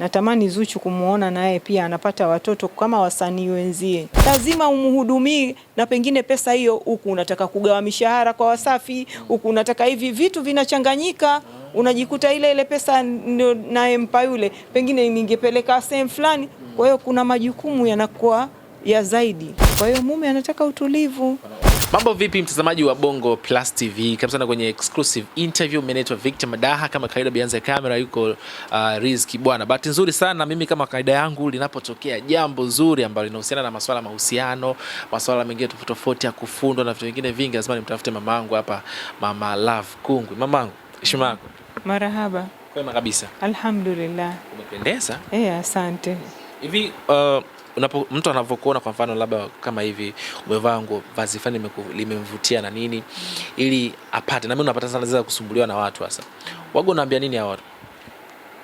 Natamani Zuchu kumwona naye pia anapata watoto kama wasanii wenzie. Lazima umhudumii, na pengine pesa hiyo, huku unataka kugawa mishahara kwa Wasafi, huku unataka hivi, vitu vinachanganyika, unajikuta ile ile pesa ndio nayempa yule, pengine ningepeleka sehemu fulani. Kwa hiyo kuna majukumu yanakuwa ya zaidi. Kwa hiyo mume anataka utulivu. Mambo vipi mtazamaji wa Bongo Plus TV, karibu sana kwenye exclusive interview. Mimi naitwa Victor Madaha, kama kawaida bianze kamera yuko uh, Rizki bwana. Bahati nzuri sana mimi kama kawaida yangu linapotokea jambo zuri ambalo linahusiana na masuala mahusiano, masuala mengine tofauti tofauti ya kufundwa na vitu vingine vingi, lazima nimtafute mamangu hapa, mama Love Kungwi. Mamangu, heshima yako. Marahaba. Kwema kabisa. Alhamdulillah. Umependeza. Eh, asante hivi uh, unapo, mtu anavyokuona kwa mfano labda kama hivi umevaa nguo vazi fani limemvutia na nini ili apate, na mimi unapata sana za kusumbuliwa na watu. hasa wago unaambia nini hao watu?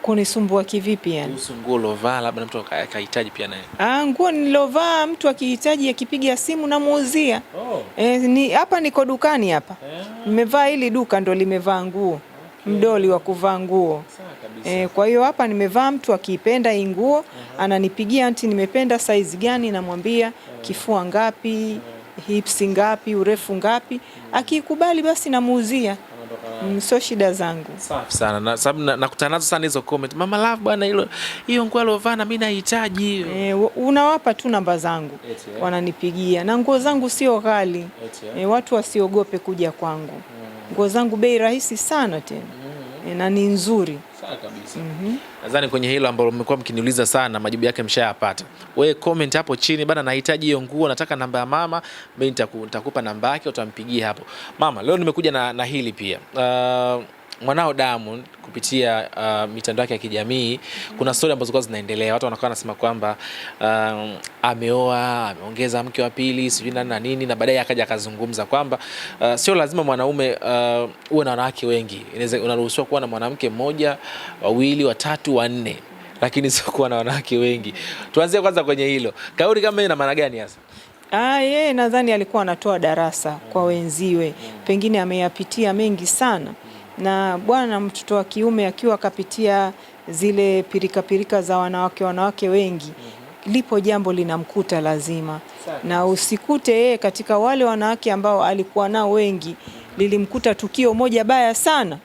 Kunisumbua kivipi yani? Kuhusu nguo lovaa labda na mtu akahitaji pia naye. Ah, nguo nilovaa mtu akihitaji akipiga simu namuuzia. Oh. Eh, ni hapa niko dukani hapa. Yeah. Nimevaa hili duka ndo limevaa nguo mdoli wa kuvaa nguo e. Kwa hiyo hapa nimevaa mtu akiipenda hii nguo uh -huh. Ananipigia anti, nimependa size gani, namwambia uh eh. -huh. Kifua ngapi uh eh. -huh. ngapi, urefu ngapi hmm. uh -huh. basi namuuzia Mm, sio shida zangu. Safi sana. Na sababu nakutana nazo sana hizo comment. Mama Love bwana, hilo hiyo nguo aliovaa na mimi nahitaji hiyo. E, unawapa tu namba zangu wananipigia na nguo zangu sio ghali e, watu wasiogope kuja kwangu. Hmm nguo zangu bei rahisi sana tena mm -hmm. na ni nzuri sawa mm -hmm. kwenye hilo ambalo mmekuwa mkiniuliza sana, majibu yake mshayapata. Wewe comment hapo chini bana, nahitaji hiyo nguo, nataka namba ya mama. Mimi nitakupa namba yake, utampigia hapo. Mama, leo nimekuja na, na hili pia uh, mwanao Diamond kupitia uh, mitandao yake ya kijamii kuna stori ambazo kwa zinaendelea, watu wanakuwa wanasema kwamba um, ameoa ameongeza mke wa pili sijui nani na nini, na baadaye akaja akazungumza kwamba uh, sio lazima mwanaume uh, uwe na wanawake wengi. Unaruhusiwa kuwa na mwanamke mmoja, wawili, watatu, wanne, lakini sio kuwa na wanawake wengi. Tuanzie kwanza kwenye hilo, kauli kama ina maana gani hasa? Ah, yeye nadhani alikuwa anatoa darasa kwa wenziwe, pengine ameyapitia mengi sana na bwana mtoto wa kiume akiwa akapitia zile pirikapirika pirika za wanawake wanawake wengi mm -hmm. lipo jambo linamkuta lazima na usikute yeye katika wale wanawake ambao alikuwa nao wengi lilimkuta tukio moja baya sana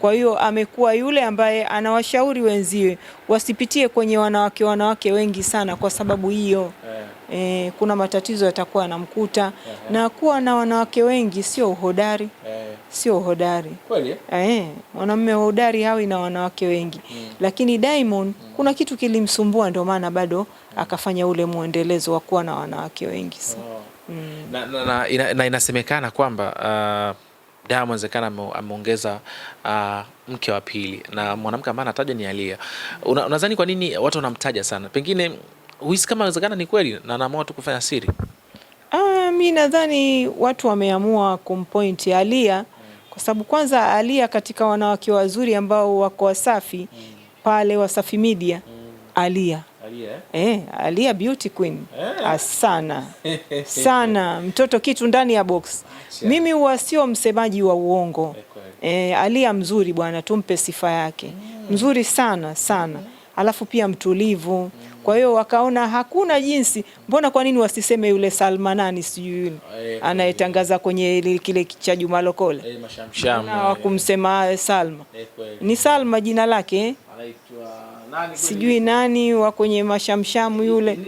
kwa hiyo amekuwa yule ambaye anawashauri wenziwe wasipitie kwenye wanawake wanawake wengi sana kwa sababu hiyo yeah. E, eh, kuna matatizo yatakuwa yanamkuta na kuwa na wanawake wengi sio uhodari yeah sio hodari kweli eh, eh mwanamume hodari hawi na wanawake wengi mm. Lakini Diamond mm. kuna kitu kilimsumbua, ndio maana bado mm. akafanya ule mwendelezo wa kuwa na wanawake wengi so. oh. mm. na, na, na, ina, na inasemekana kwamba uh, Diamond inawezekana ameongeza uh, mke wa pili na mwanamke ambaye anataja ni Alia. Una, unadhani kwa nini watu wanamtaja sana? Pengine huhisi kama inawezekana ni kweli na anaamua tu kufanya siri? Ah, mi nadhani watu wameamua kumpoint Alia kwa sababu kwanza Alia katika wanawake wazuri ambao wako Wasafi mm. pale Wasafi Media mm. Alia Alia. Eh, eh Alia beauty queen eh. Ah, sana sana mtoto kitu ndani ya box Acha. Mimi huwa sio msemaji wa uongo eh, eh Alia mzuri bwana, tumpe sifa yake mm. mzuri sana sana mm alafu pia mtulivu. Kwa hiyo wakaona hakuna jinsi, mbona kwa nini wasiseme yule Salma nani sijui eh, anayetangaza eh, kwenye kile cha Juma Lokole eh, wakumsema ah, Salma ni Salma jina lake nani sijui nani wa kwenye mashamshamu yule,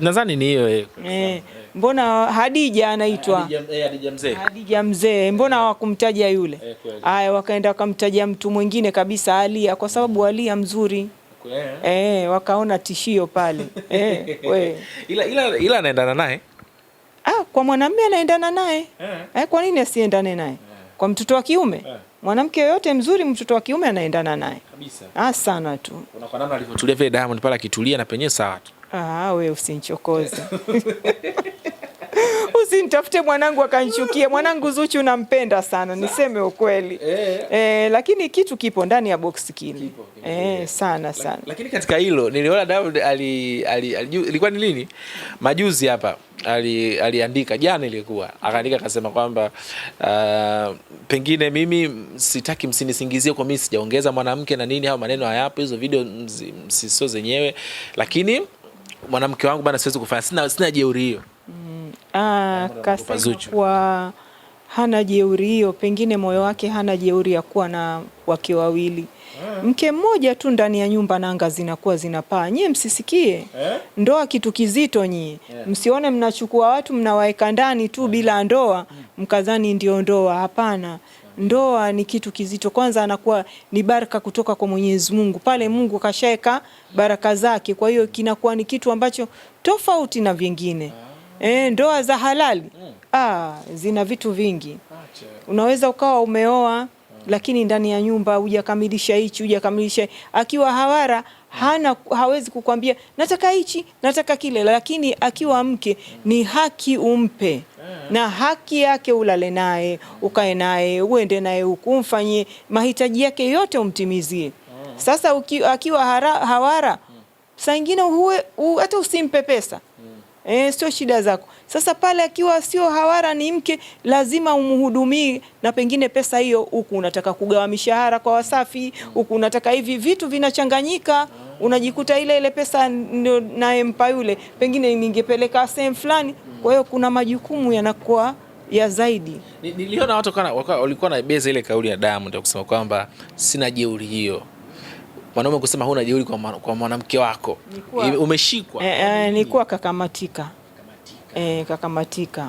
nadhani ni hiyo eh. E, mbona Hadija anaitwa Hadija mzee, Hadija mzee, mbona hawakumtaja yule? Haya, wakaenda wakamtaja mtu mwingine kabisa, Alia, kwa sababu Alia mzuri. Eh? eh, wakaona tishio pale eh, we. Ila, ila, ila anaendana naye ah, kwa mwanamume anaendana naye yeah. Eh, kwa nini asiendane naye eh. Kwa mtoto wa kiume eh. Mwanamke yoyote mzuri, mtoto wa kiume anaendana naye kabisa. Ah, sana tu kuna kwa namna alivyotulia vile Diamond pale akitulia na penyewe sawa tu. Ah, we usinichokoze usintafute mwanangu akanchukia. Mwanangu Zuchu nampenda sana, niseme ukweli eh, eh, eh lakini kitu kipo ndani ya box kile eh, sana sana. Lakini katika hilo niliona David ali, ali, ali, ilikuwa ni lini majuzi hapa ali, aliandika jana, ilikuwa akaandika akasema kwamba uh, pengine mimi sitaki msinisingizie kwa mimi sijaongeza mwanamke na nini, hao maneno hayapo, hizo video msisio zenyewe, lakini mwanamke wangu bana, siwezi kufanya, sina, sina jeuri hiyo mm. Ah, kasema kuwa hana jeuri hiyo, pengine moyo wake hana jeuri ya kuwa na wake wawili eh. mke mmoja tu ndani ya nyumba, nanga zinakuwa zinapaa. Nyie msisikie eh? Ndoa kitu kizito nyie, yeah. Msione mnachukua watu mnawaeka ndani tu eh. bila ndoa, hmm. mkadhani ndio ndoa. Hapana, hmm. ndoa ni kitu kizito. Kwanza anakuwa ni baraka kutoka kwa Mwenyezi Mungu, pale hmm. Mungu kashaeka baraka zake, kwa hiyo kinakuwa ni kitu ambacho tofauti na vingine. Eh. E, ndoa za halali mm. Ah, zina vitu vingi Ache. Unaweza ukawa umeoa mm. lakini ndani ya nyumba hujakamilisha hichi hujakamilisha akiwa hawara mm. hana hawezi kukwambia nataka hichi nataka kile, lakini akiwa mke mm. ni haki umpe eh. na haki yake, ulale naye ukae naye uende naye huku umfanyie mahitaji yake yote umtimizie. Mm. Sasa uki, akiwa hara, hawara saa ingine hata usimpe pesa eh, sio shida zako. Sasa pale akiwa sio hawara ni mke, lazima umhudumie, na pengine pesa hiyo huku unataka kugawa mishahara kwa Wasafi, huku unataka hivi, vitu vinachanganyika unajikuta ile ile pesa ndio nayempa yule, pengine ningepeleka sehemu fulani. Kwa hiyo kuna majukumu yanakuwa ya zaidi. Niliona watu walikuwa na beza ile kauli ya Diamond ya kusema kwamba sina jeuri hiyo mwanaume kusema huna jeuri kwa, kwa mwanamke wako umeshikwa. E, e, nilikuwa kakamatika kakamatika, e, eh, kakamatika.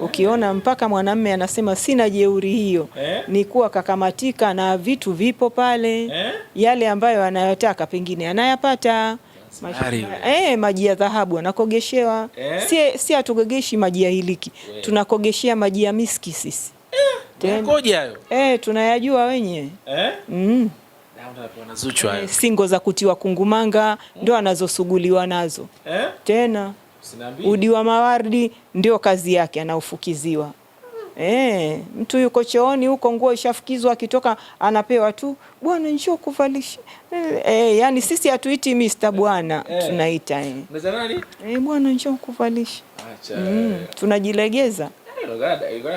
Ukiona mpaka mwanamme anasema sina jeuri hiyo eh? Ni kuwa kakamatika na vitu vipo pale eh? Yale ambayo anayotaka pengine anayapata maji, eh, maji ya dhahabu anakogeshewa eh? Si, hatugogeshi maji ya hiliki yeah. Tunakogeshea maji ya miski sisi eh, eh, tunayajua wenyewe eh? mm. Eh, singo za kutiwa kungumanga ndio anazosuguliwa nazo eh? Tena udi wa mawardi ndio kazi yake, anaofukiziwa Eh, mtu yuko chooni huko, nguo ishafukizwa, akitoka anapewa tu, bwana njoo kuvalisha. Eh, eh, yani sisi hatuiti mister bwana eh, eh. tunaita Eh, bwana njoo kuvalisha mm, tunajilegeza.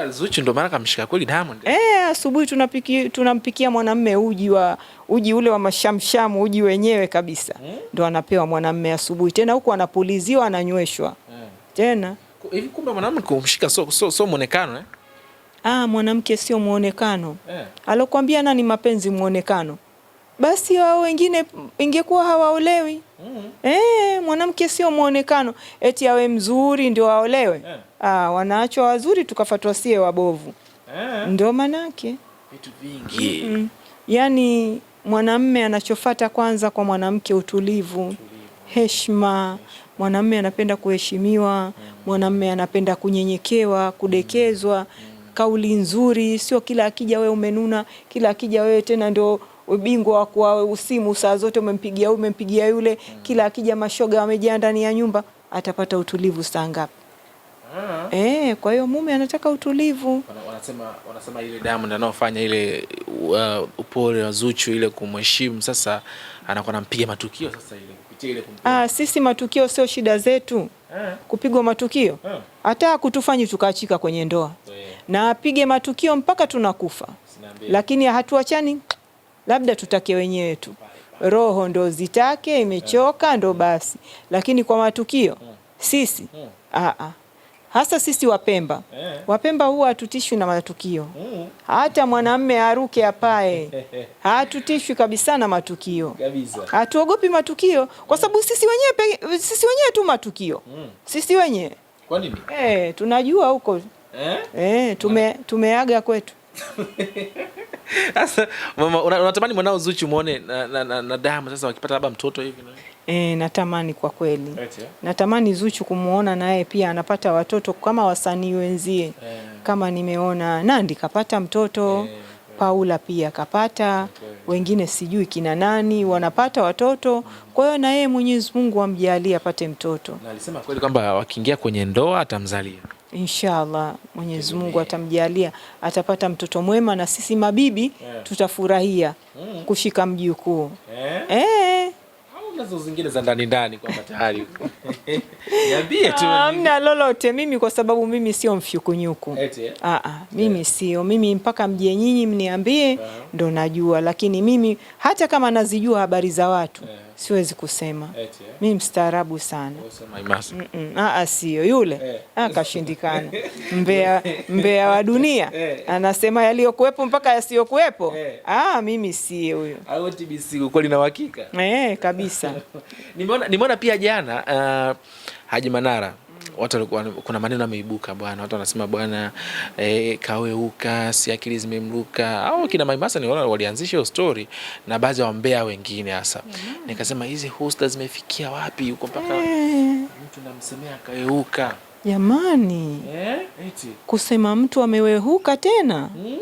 Zuchu ndo kamshika kweli Diamond. Eh, asubuhi tunapiki tunampikia mwanamme uji wa uji ule wa mashamshamu uji wenyewe kabisa hmm? Ndo anapewa mwanamme asubuhi tena huku anapuliziwa ananyweshwa hmm. Tena hivi kumbe kumshika so, so, so eh? Ah, mwanamke sio mwonekano yeah. Alokwambia nani mapenzi mwonekano basi wao wengine ingekuwa hawaolewi. mm -hmm. E, mwanamke sio mwonekano eti awe mzuri ndio aolewe. yeah. Ah, wanaachwa wazuri tukafatwa sie wabovu. yeah. Ndio manake vitu vingi. mm -hmm. Yani mwanamme anachofata kwanza kwa mwanamke utulivu, utulivu. Heshima, mwanamme anapenda kuheshimiwa. mm -hmm. Mwanamme anapenda kunyenyekewa, kudekezwa. mm -hmm. Kauli nzuri, sio kila akija wewe umenuna, kila akija wewe tena ndio ubingwa wa kuwa usimu saa zote umempigia huyu umempigia yule mm. Kila akija mashoga wamejaa ndani ya nyumba atapata utulivu saa ngapi? Ah. E, kwa hiyo mume anataka utulivu. Wanasema, wanasema ile Diamond anaofanya ile uh, upole wa Zuchu ile kumheshimu, sasa anakuwa anampiga matukio sasa ile kupitia ile kumpiga. Ah, sisi matukio sio shida zetu eh. Kupigwa matukio eh. hata kutufanyi tukaachika kwenye ndoa Na apige matukio mpaka tunakufa, lakini hatuachani labda tutake wenyewe tu, roho ndo zitake, imechoka ndo basi, lakini kwa matukio sisi a a hasa sisi Wapemba, Wapemba huwa hatutishwi na matukio. Mm. Hata mwanamme aruke apae, hatutishwi kabisa na matukio, hatuogopi matukio kwa sababu sisi wenyewe, sisi wenyewe tu matukio, mm. sisi wenyewe. Kwa nini? Eh, tunajua huko eh? Eh, tume, tumeaga kwetu Sasa mama, unatamani mwanao Zuchu muone na, na, na, na Diamond sasa wakipata labda mtoto hivi na E, natamani kwa kweli Ete. Natamani Zuchu kumwona naye pia anapata watoto kama wasanii wenzie e. Kama nimeona Nandi kapata mtoto e. Paula pia kapata okay. Wengine sijui kina nani wanapata watoto, kwa hiyo na yeye Mwenyezi Mungu amjalie apate mtoto, na alisema kweli kwamba wakiingia kwenye ndoa atamzalia Inshallah Mwenyezi Mungu atamjalia, atapata mtoto mwema na sisi mabibi yeah. tutafurahia mm. kushika mjukuu yeah. eh. eh. zingine za ndani ndani kwa niambie tu hamna lolote. Mimi kwa sababu mimi sio mfyukunyuku a eh? a, ah, ah. mimi eh. sio mimi, mpaka mje nyinyi mniambie ndo najua, lakini mimi hata kama nazijua habari za watu yeah siwezi kusema eh. Mi mstaarabu sana mm Sio yule eh. Akashindikana ah, mbea, mbea wa dunia eh. Anasema yaliyokuwepo mpaka yasiyokuwepo eh. mimi sie huyo kweli na uhakika eh, kabisa. Nimeona pia jana uh, Haji Manara watu walikuwa kuna maneno ameibuka bwana, watu wanasema bwana e, eh, kaweuka, si akili zimemruka, au kina Maimasa ni wale walianzisha hiyo story na baadhi ya wambea wengine hasa mm. Nikasema hizi hosta zimefikia wapi huko mpaka hey. Eh. Mtu namsemea kaweuka jamani yeah, kusema mtu ameweuka tena hmm?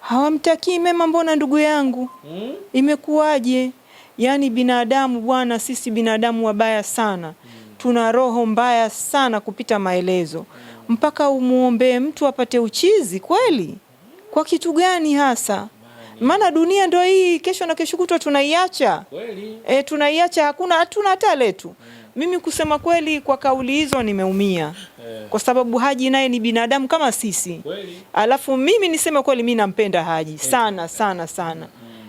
Hawamtakii mema, mbona ndugu yangu hmm? Imekuwaje? Yaani binadamu bwana, sisi binadamu wabaya sana hmm tuna roho mbaya sana kupita maelezo, mpaka umwombee mtu apate uchizi kweli? Kwa kitu gani hasa? Maana dunia ndo hii, kesho na kesho kutwa tunaiacha E, tunaiacha hakuna, hatuna hata letu. Mimi kusema kweli, kwa kauli hizo nimeumia eh. kwa sababu Haji naye ni binadamu kama sisi kweli. Alafu mimi niseme kweli, mi nampenda Haji eh. sana sana sana,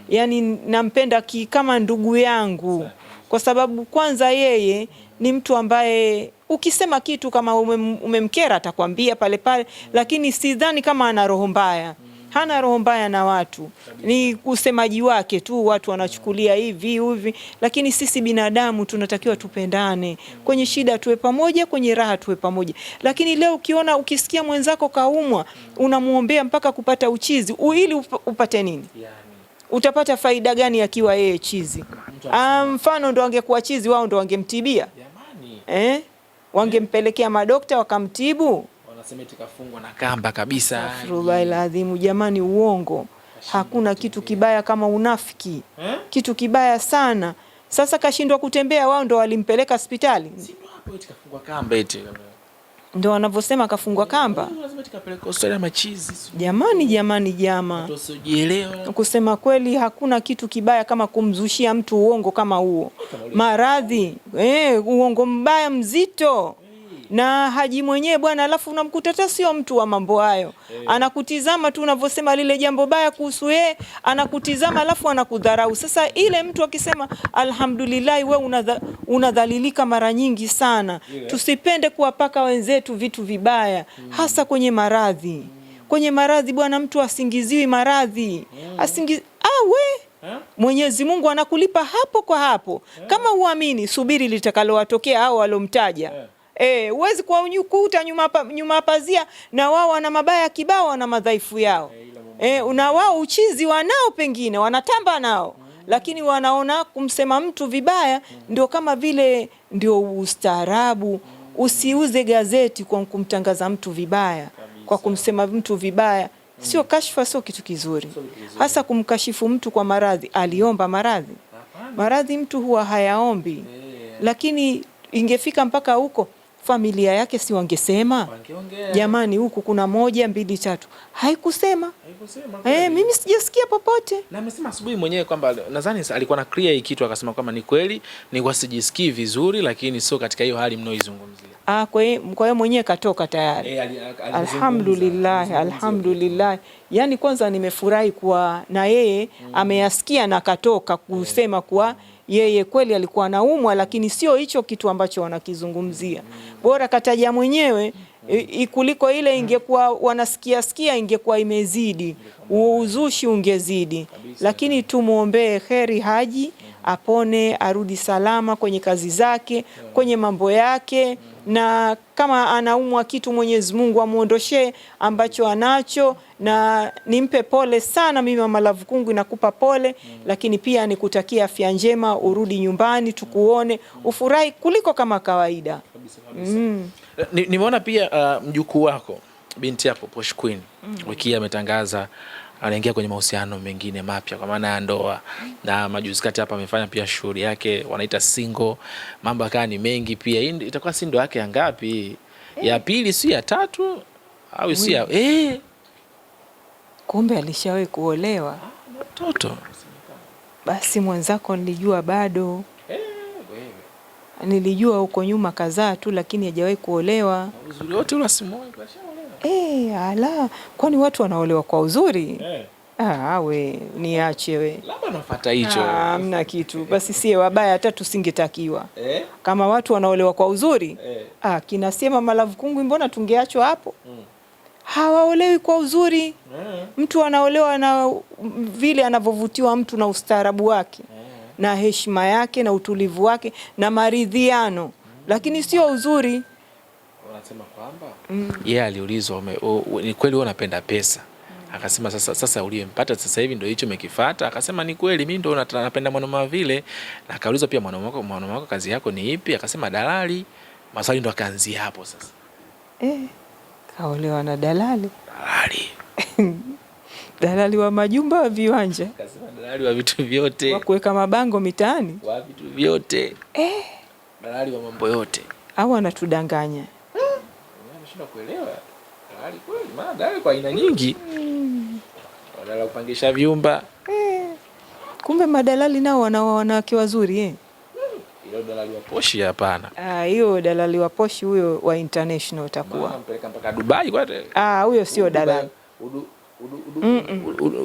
yani nampenda ki, kama ndugu yangu kwa sababu kwanza yeye ni mtu ambaye ukisema kitu kama umemkera atakwambia pale pale, lakini sidhani kama ana roho mbaya hana roho mbaya na watu, ni usemaji wake tu, watu wanachukulia hivi hivi. Lakini sisi binadamu tunatakiwa tupendane, kwenye shida tuwe pamoja, kwenye raha tuwe pamoja. Lakini leo ukiona, ukisikia mwenzako kaumwa, unamwombea mpaka kupata uchizi, ili upate nini? Utapata faida gani akiwa yeye chizi? Ah, mfano ndo wangekuwa chizi wao ndo wangemtibia eh? Wangempelekea madokta wakamtibu. Wanasema na kamba kabisa. adhimu, jamani, uongo hakuna kitu kibaya kama unafiki eh? Kitu kibaya sana. Sasa kashindwa kutembea, wao ndo walimpeleka hospitali. Ndio wanavyosema kafungwa kamba. Jamani, jamani, jama, kusema kweli, hakuna kitu kibaya kama kumzushia mtu uongo kama huo, maradhi eh, uongo mbaya mzito na Haji mwenyewe bwana, alafu unamkuta hata sio mtu wa mambo hayo hey. Eh. Anakutizama tu unavyosema lile jambo baya kuhusu yeye, anakutizama alafu anakudharau. Sasa ile mtu akisema alhamdulillah, we unadhalilika mara nyingi sana yeah. Tusipende kuwapaka wenzetu vitu vibaya hmm. Hasa kwenye maradhi kwenye maradhi bwana, mtu asingiziwi maradhi hmm. Asingiz... awe Mwenyezi Mungu anakulipa hapo kwa hapo yeah. Kama uamini, subiri litakalowatokea hao walomtaja yeah. Eh, huwezi kwa kuwakuta nyuma, nyuma pazia, na wao wana mabaya kibao, wana madhaifu yao Eh, eh na wao uchizi wanao, pengine wanatamba nao mm. lakini wanaona kumsema mtu vibaya mm. ndio kama vile ndio ustaarabu. Mm. Usiuze gazeti kwa kumtangaza mtu vibaya, kwa kumsema mtu vibaya, sio kashfa, sio kitu kizuri, hasa kumkashifu mtu kwa maradhi. Aliomba maradhi, maradhi mtu huwa hayaombi, eh. lakini ingefika mpaka huko familia yake si wangesema jamani, huku kuna moja mbili tatu. Haikusema, haikusema eh, mimi sijasikia popote. Na amesema asubuhi mwenyewe kwamba nadhani alikuwa na clear hii kitu, akasema kwamba ni kweli ni sijisikii vizuri, lakini sio katika hiyo hali mnaoizungumzia. Ah, kwa hiyo mwenyewe katoka tayari. E, eh, alhamdulillah, alhamdulillah yani kwanza nimefurahi kuwa na yeye mm. ameyasikia na katoka kusema mm. kuwa yeye kweli alikuwa anaumwa, lakini sio hicho kitu ambacho wanakizungumzia. Mm. Bora kataja mwenyewe kuliko ile ingekuwa wanasikia sikia, ingekuwa imezidi, uzushi ungezidi. Lakini tumwombee heri Haji apone, arudi salama kwenye kazi zake, kwenye mambo yake, na kama anaumwa kitu, Mwenyezi Mungu amwondoshe ambacho anacho, na nimpe pole sana. Mimi Mama Love Kungu nakupa pole, lakini pia nikutakia afya njema, urudi nyumbani, tukuone, ufurahi kuliko kama kawaida. Mm. Eh, nimeona pia uh, mjukuu wako binti yako Posh Queen mm. wiki ametangaza anaingia kwenye mahusiano mengine mapya kwa maana ya ndoa, na majuzi kati hapa amefanya pia shughuli yake wanaita single, mambo akawa ni mengi pia. Hii itakuwa si ndoa yake ya ngapi? Hey. Eh. ya pili si ya tatu au si ya eh? Kumbe alishawahi kuolewa mtoto. Basi mwenzako nilijua bado hey, eh, nilijua huko nyuma kadhaa tu, lakini hajawahi kuolewa. Uzuri wote ule si mmoja. Eh, ala, kwani watu wanaolewa kwa uzuri awe eh. Ah, we niache we, labda nafuata hicho. Ah, hamna kitu basi, sie wabaya hata tusingetakiwa eh? Kama watu wanaolewa kwa uzuri Ah, kinasema malavu kungwi, mbona tungeachwa hapo hmm. Hawaolewi kwa uzuri Mtu anaolewa na vile anavyovutiwa mtu na ustaarabu wake na heshima yake na utulivu wake na maridhiano hmm. Lakini sio uzuri anasema kwamba mm. yeye yeah, aliulizwa ni kweli wewe unapenda pesa mm. akasema sasa, sasa uliyempata sasa hivi ndio hicho umekifuata. Akasema ni kweli, mimi ndio napenda mwanaume vile. Na akaulizwa pia, mwanaume wako mwanaume wako kazi yako ni ipi? Akasema dalali. Maswali ndo akaanzia hapo sasa. Eh, kaolewa na dalali dalali dalali wa majumba wa viwanja, akasema dalali wa vitu vyote, wa kuweka mabango mitaani, wa vitu vyote eh, dalali wa mambo yote, au anatudanganya Nashindwa kuelewa dalali kweli, maana dalali kwa aina nyingi, mm. wadala kupangisha vyumba eh. Kumbe madalali nao wana wanawake wazuri eh? Hiyo dalali wa poshi hapana. Ah, hiyo dalali wa poshi huyo wa international utakuwa. Mpeleka mpaka Dubai kwate. Ah, huyo sio dalali.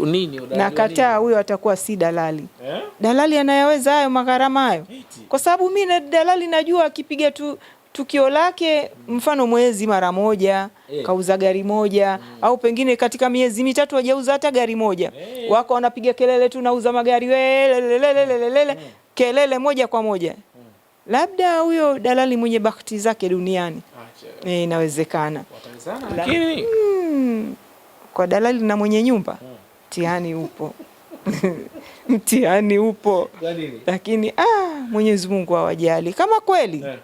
nini Nakataa huyo, atakuwa si dalali eh? Dalali anayaweza hayo magharama hayo, kwa sababu mimi na dalali najua akipiga tu tukio lake mfano mwezi mara moja hey, eh. kauza gari moja mm. au pengine katika miezi mitatu hajauza hata gari moja hey, eh. wako wanapiga kelele tu nauza magari welelelelelele hmm, kelele moja kwa moja hmm, labda huyo dalali mwenye bahati zake duniani eh, inawezekana, lakini hmm, kwa dalali na mwenye nyumba hmm, mtihani upo mtihani upo, lakini ah, Mwenyezi Mungu awajali kama kweli yeah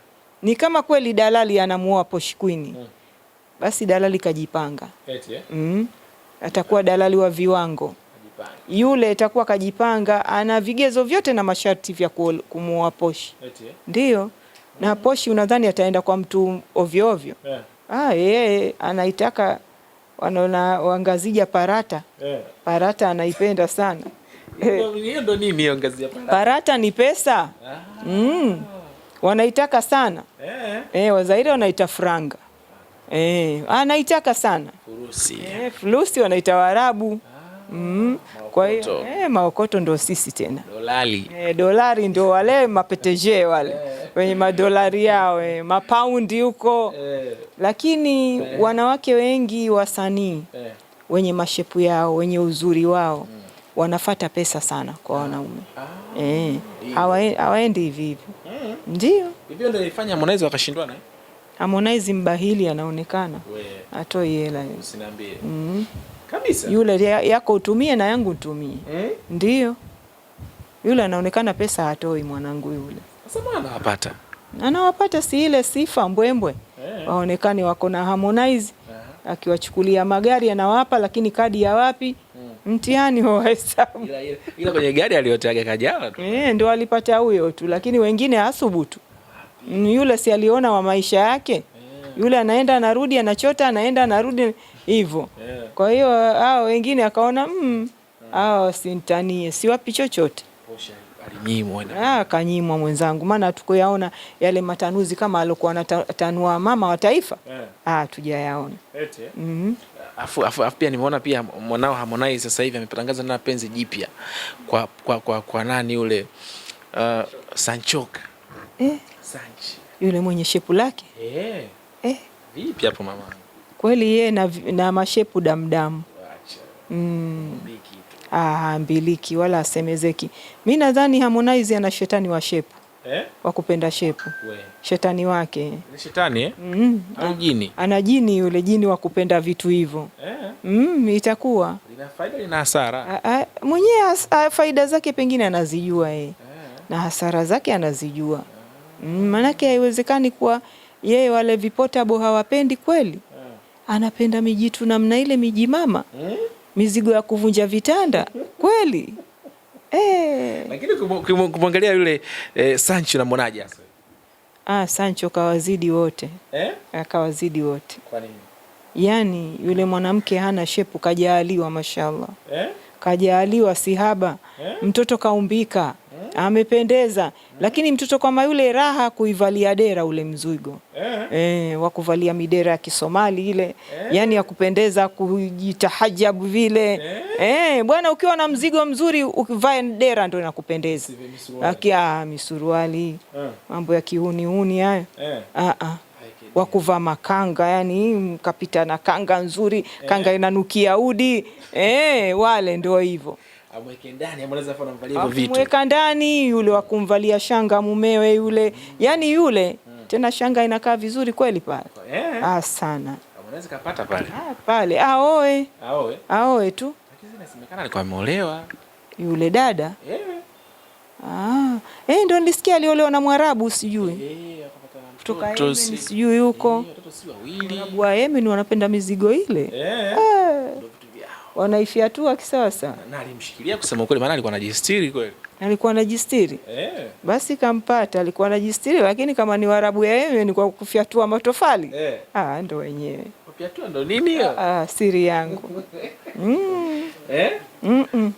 ni kama kweli dalali anamuoa poshi Queen hmm. Basi dalali kajipanga eti, eh? mm. Atakuwa dalali wa viwango kajipanga. Yule atakuwa kajipanga, ana vigezo vyote na masharti vya kumuoa poshi eti, eh? Ndiyo na hmm. Poshi unadhani ataenda kwa mtu ovyo ovyo? yeah. Ah, yeye anaitaka wanaona wangazija parata yeah. Parata anaipenda sana. Hiyo ndo nini parata? Parata ni pesa ah. mm wanaitaka sana eh. Eh, Wazairi wanaita franga eh, ah, anaitaka sana furusi, eh, furusi wanaita Waarabu ah, mm. Kwa hiyo eh, maokoto ndo sisi tena dolari, eh, dolari ndo wale mapeteje wale eh. wenye madolari yao eh, mapaundi huko eh. Lakini eh. wanawake wengi wasanii eh. wenye mashepu yao wenye uzuri wao mm. wanafata pesa sana kwa ah. wanaume ah. eh, hawaendi hivi hivi ndio. Hivyo ndio ilifanya Harmonize wakashindwa na eh? Harmonize mbahili anaonekana. Atoi hela. Usiniambie. Mm. Kabisa. Yule yako utumie na yangu utumie. Eh? Ndio. Yule anaonekana pesa hatoi mwanangu yule. Sasa maana anapata. Anawapata si ile sifa mbwembwe. Eh. Waonekane wako na Harmonize. Akiwachukulia magari anawapa, lakini kadi ya wapi mtihani wa hesabu, ila kwenye gari aliyotaga Kajala tu eh, ndo alipata huyo tu, lakini wengine asubutu mm, Yule si aliona wa maisha yake eh. yule anaenda anarudi, anachota anaenda anarudi hivyo. Eh. Kwa hiyo hao wengine akaona mm, eh. hao sintanie siwapi chochote, ah, kanyimwa mwenzangu, maana tukuyaona yale matanuzi kama alokuwa anatanua mama wa taifa, ah, tujayaona. mm -hmm afu, afu, afu pia nimeona pia mwanao Harmonize sasa hivi amepatangaza na penzi jipya kwa, kwa, kwa, kwa nani yule uh, Sanchoka eh, yule mwenye shepu lake eh. Eh. Vipi hapo mama kweli yeye na, na mashepu damdamu mm. Mbiliki wala asemezeki. Mi nadhani Harmonize ana shetani wa shepu eh? wa kupenda shepu we. Shetani wake ni shetani eh? mm, mm-hmm. au jini? Ana jini yule jini wa kupenda vitu hivyo eh? mm, itakuwa lina faida lina hasara. Mwenyewe faida zake pengine anazijua eh. Eh. na hasara zake anazijua maanake mm-hmm, haiwezekani kuwa yeye wale bo hawapendi kweli eh. Anapenda mijitu namna ile mama eh? mizigo ya kuvunja vitanda kweli Eh. kumwangalia yule eh, Sancho namwonaje hasa? Ah, Sancho kawazidi wote eh? Akawazidi ah, wote. Kwa nini? Yani yule mwanamke hana shepu kajaaliwa, mashallah eh? kajaaliwa sihaba eh? Mtoto kaumbika eh? Amependeza eh? Lakini mtoto kama yule raha kuivalia dera ule mzigo eh? Eh, wa kuvalia midera ya Kisomali ile eh? Yani ya kupendeza kujitahajabu vile eh? Eh, bwana ukiwa na mzigo mzuri ukivae dera ndio inakupendeza, lakini misuruali ah, eh? mambo eh? ya kiuniuni hayo eh? ah -ah wa kuvaa makanga, yani mkapita na kanga nzuri, kanga eh. inanukia udi eh, wale ndio hivyo amweka ndani yule wa kumvalia shanga mumewe yule mm. Yani yule mm. Tena shanga inakaa vizuri kweli pale yeah. Ah, sana pale ah, pale aoe aoe tu yule dada yeah. Ah, eh, ndo nilisikia aliolewa na Mwarabu sijui eh kutoka Yemen sijui huko bwa Yemen wanapenda mizigo ile eh, eh. wanaifyatua kisasa. Na alimshikilia kusema kweli, maana alikuwa anajistiri kweli, alikuwa anajistiri eh. Basi kampata, alikuwa anajistiri, lakini kama ni Waarabu ya Yemen kwa kufyatua matofali eh, ah, ndo wenyewe tu ndo nini hiyo? Ah, ah siri yangu. Mm. Eh? Mm -mm.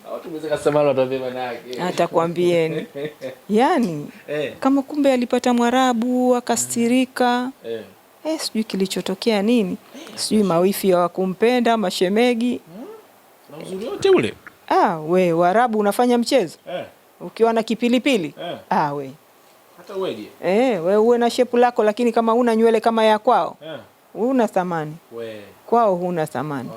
Atakwambieni yaani eh, kama kumbe alipata Mwarabu akastirika mm. eh. Eh, sijui kilichotokea nini eh, sijui mawifi hawakumpenda mashemegi mm. wote ule. Ah, we Warabu unafanya mchezo eh, ukiwa na kipilipili eh. Ah, we hata uwe je eh, we uwe na shepu lako, lakini kama una nywele kama ya kwao eh huna thamani we. Kwao huna thamani,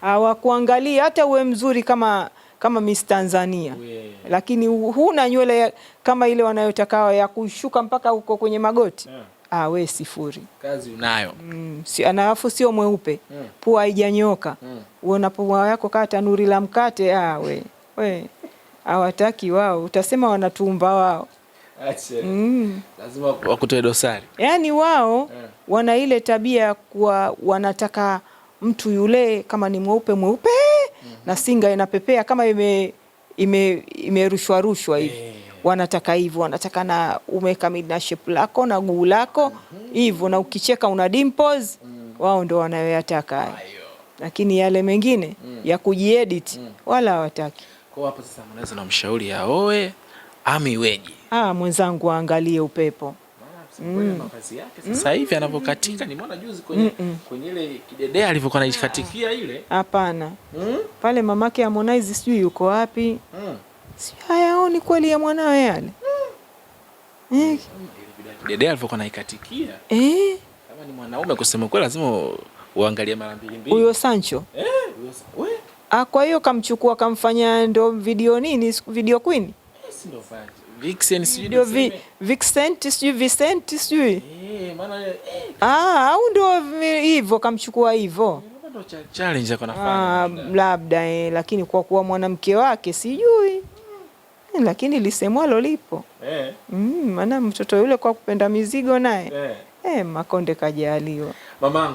hawakuangalia ah, hata uwe mzuri kama kama Miss Tanzania we. Lakini huna nywele kama ile wanayotakawa ya kushuka mpaka huko kwenye magoti yeah. Ah, we sifuri, kazi unayo mm, si, sio mweupe mm. Pua haijanyoka mm. Uona pua yako kaa tanuri la mkate ah, we, we hawataki wao, utasema wanatumba wao. Ache. Mm. Lazima wakutoe dosari. Yaani wao yeah, wana ile tabia kuwa wanataka mtu yule kama ni mweupe mweupe mm -hmm. na singa inapepea kama ime imerushwa ime rushwa hivi yeah. Wanataka hivyo, wanataka na umekamili na shape lako na guu lako mhm. hivyo mm -hmm. na ukicheka una dimples mm -hmm. wao ndo wanayoyataka hayo, lakini yale mengine mm -hmm. ya kujiedit mm -hmm. wala hawataki. Kwa hapo sasa mnaweza na mshauri aoe ama iweje? Ah, mwenzangu aangalie upepo mm. mm. sasa hivi mm. anavyokatika nimeona juzi kwenye mm -mm. kwenye ile kidedea alivyokuwa anajikatikia ile. Hapana mm? Pale mamake Harmonize sijui yuko wapi mm. si hayaoni kweli ya mwanawe yale mm. eh. kidedea alivyokuwa anajikatikia. eh. Kama ni mwanaume kusema kweli, lazima uangalie mara mbili mbili huyo Sancho eh, huyo. Ah, kwa hiyo kamchukua kamfanya ndo video nini video queen sijui au ndo hivyo kamchukua hivyo ah, labda eh, lakini kwa kuwa mwanamke wake sijui eh, lakini lisemwalo lipo eh. Mm, maana mtoto yule kwa kupenda mizigo naye eh. Eh, Makonde kajaliwa. Mamangu,